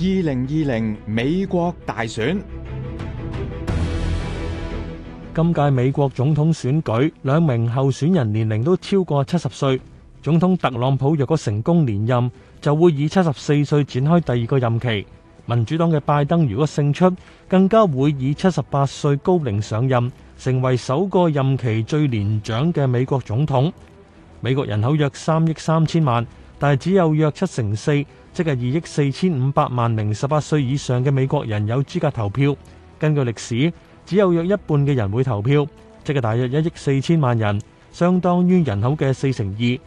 二零二零美國大選，今屆美國總統選舉，兩名候選人年齡都超過七十歲。總統特朗普若果成功連任，就會以七十四歲展開第二個任期。民主黨嘅拜登如果勝出，更加會以七十八歲高齡上任，成為首個任期最年長嘅美國總統。美國人口約三億三千萬，但係只有約七成四，即係二億四千五百萬名十八歲以上嘅美國人有資格投票。根據歷史，只有約一半嘅人會投票，即係大約一億四千萬人，相當於人口嘅四成二。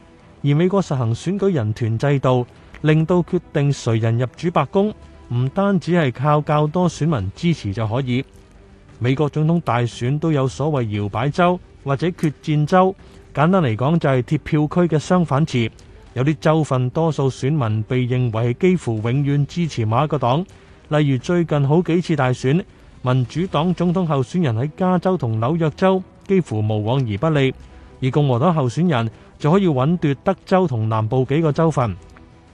而美國實行選舉人團制度，令到決定誰人入主白宮，唔單止係靠較多選民支持就可以。美國總統大選都有所謂搖擺州或者決戰州，簡單嚟講就係鐵票區嘅相反詞。有啲州份多數選民被認為係幾乎永遠支持某一個黨，例如最近好幾次大選，民主黨總統候選人喺加州同紐約州幾乎無往而不利，而共和黨候選人就可以穩奪德州同南部幾個州份。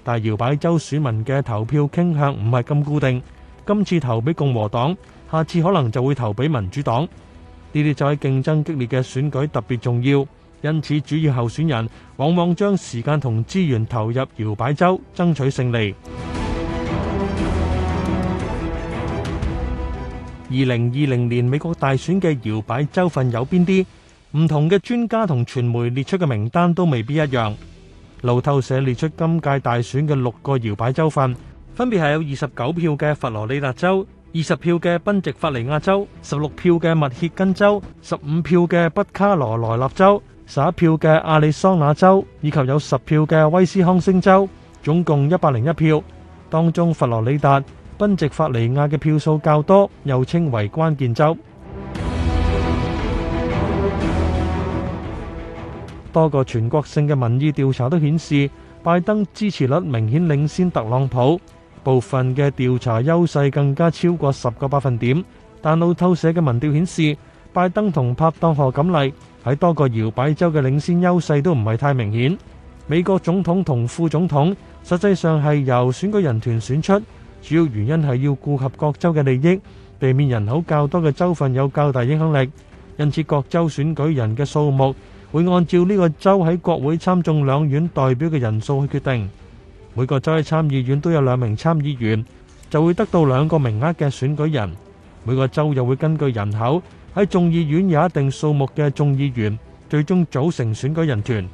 但係搖擺州選民嘅投票傾向唔係咁固定，今次投俾共和黨，下次可能就會投俾民主黨。呢啲就喺競爭激烈嘅選舉特別重要。因此，主要候選人往往將時間同資源投入搖擺州，爭取勝利。二零二零年美國大選嘅搖擺州份有邊啲？唔同嘅專家同傳媒列出嘅名單都未必一樣。路透社列出今屆大選嘅六個搖擺州份，分別係有二十九票嘅佛羅里達州、二十票嘅賓夕法尼亞州、十六票嘅密歇根州、十五票嘅北卡羅來納州。十一票嘅亞利桑那州以及有十票嘅威斯康星州，總共一百零一票。當中佛羅里達、賓夕法尼亞嘅票數較多，又稱為關鍵州。多個全國性嘅民意調查都顯示，拜登支持率明顯領先特朗普，部分嘅調查優勢更加超過十個百分點。但路透社嘅民調顯示，拜登同拍檔賀錦麗。喺多個搖擺州嘅領先優勢都唔係太明顯。美國總統同副總統實際上係由選舉人團選出，主要原因係要顧及各州嘅利益，避免人口較多嘅州份有較大影響力。因此，各州選舉人嘅數目會按照呢個州喺國會參眾兩院代表嘅人數去決定。每個州嘅參議院都有兩名參議員，就會得到兩個名額嘅選舉人。每個州又會根據人口。喺眾議院有一定數目嘅眾議員，最終組成選舉人團。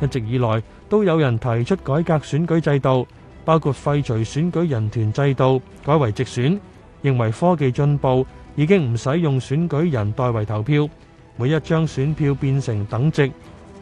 一直以來，都有人提出改革選舉制度，包括廢除選舉人團制度，改為直選，認為科技進步已經唔使用選舉人代為投票，每一張選票變成等值，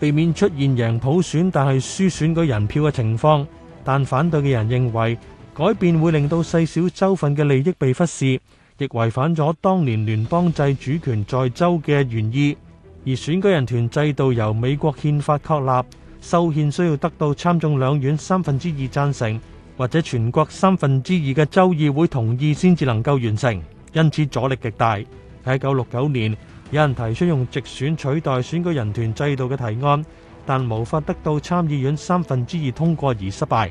避免出現贏普選但係輸選舉人票嘅情況。但反對嘅人認為。改變會令到細小州份嘅利益被忽視，亦違反咗當年聯邦制主權在州嘅原意。而選舉人團制度由美國憲法確立，修憲需要得到參眾兩院三分之二贊成，或者全國三分之二嘅州議會同意先至能夠完成，因此阻力極大。喺一九六九年，有人提出用直選取代選舉人團制度嘅提案，但無法得到參議院三分之二通過而失敗。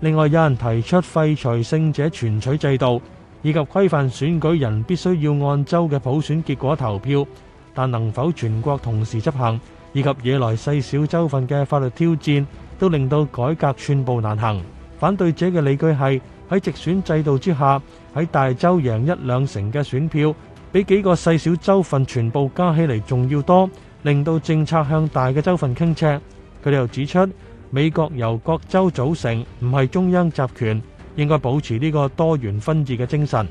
另外有人提出廢除勝者全取制度，以及規範選舉人必須要按州嘅普選結果投票，但能否全國同時執行，以及惹來細小州份嘅法律挑戰，都令到改革寸步難行。反對者嘅理據係喺直選制度之下，喺大州贏一兩成嘅選票，比幾個細小州份全部加起嚟仲要多，令到政策向大嘅州份傾斜。佢哋又指出，美國由各州組成，唔係中央集權，應該保持呢個多元分治嘅精神。